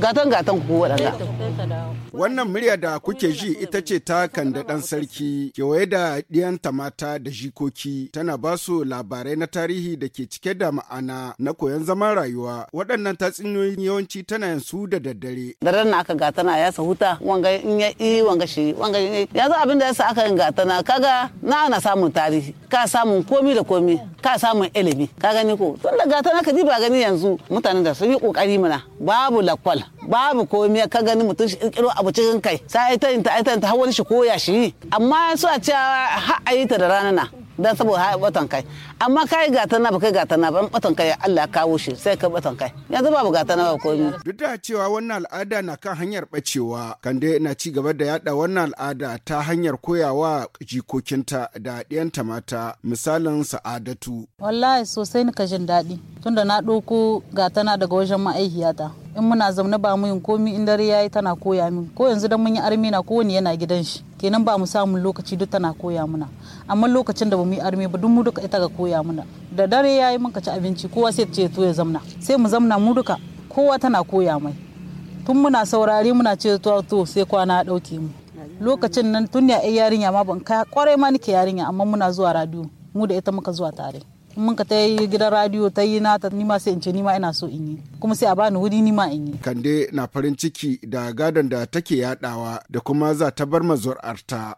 gatan gatan ku daga. Wannan murya da kuke ji ita ce ta kanda ɗan sarki kewaye da ɗiyanta mata da jikoki tana ba su labarai na tarihi da ke cike da ma'ana na koyon zaman rayuwa waɗannan tatsuniyoyin yawanci tana yin su da daddare. daren na aka gatana ya sa huta wanga in ya yi wanga shi wanga ya yanzu abin da ya sa aka yin gatana kaga na ana samun tarihi ka samun komi da komi ka samun ilimi ka gani ko tun da gatana ka ji ba gani yanzu mutanen da sun yi kokari mana babu lakwal babu komai ka gani mutum shi kirkiro abu cikin kai sai ta yin ta ta har wani shi koya shi amma su a ce ha ai ta da rana na dan saboda ha batan kai amma kai gata na ba kai gata na ba batan kai Allah ya kawo shi sai ka batan kai yanzu babu gata na ba komai duk da cewa wannan al'ada na kan hanyar bacewa kande na ci gaba da yada wannan al'ada ta hanyar koyawa jikokinta da ɗiyanta mata misalin sa'adatu wallahi sosai ka jin daɗi tunda na ɗauko gatana daga wajen ma'aikiyata in muna zaune ba mu yin komi in dare yayi tana koya min ko yanzu dan mun yi armi na wani yana gidan shi kenan ba mu samu lokaci duk tana koya muna amma lokacin da ba mu yi armi ba duk mu duka ita ga koya muna da dare yayi ka ci abinci kowa sai ce to ya zamna sai mu zamna mu duka kowa tana koya mai tun muna saurare muna ce to to sai kwana dauke mu lokacin nan tun ya yarinya ma ban kai kwarai ma nake yarinya amma muna zuwa radio mu da ita muka zuwa tare mun ka ta yi gidan radiyo ta yi nata ni ma sai in ce ni ma ina so in yi kuma sai a bani wuri ni ma in yi kande na farin ciki da gadon da take yadawa da kuma za ta bar arta.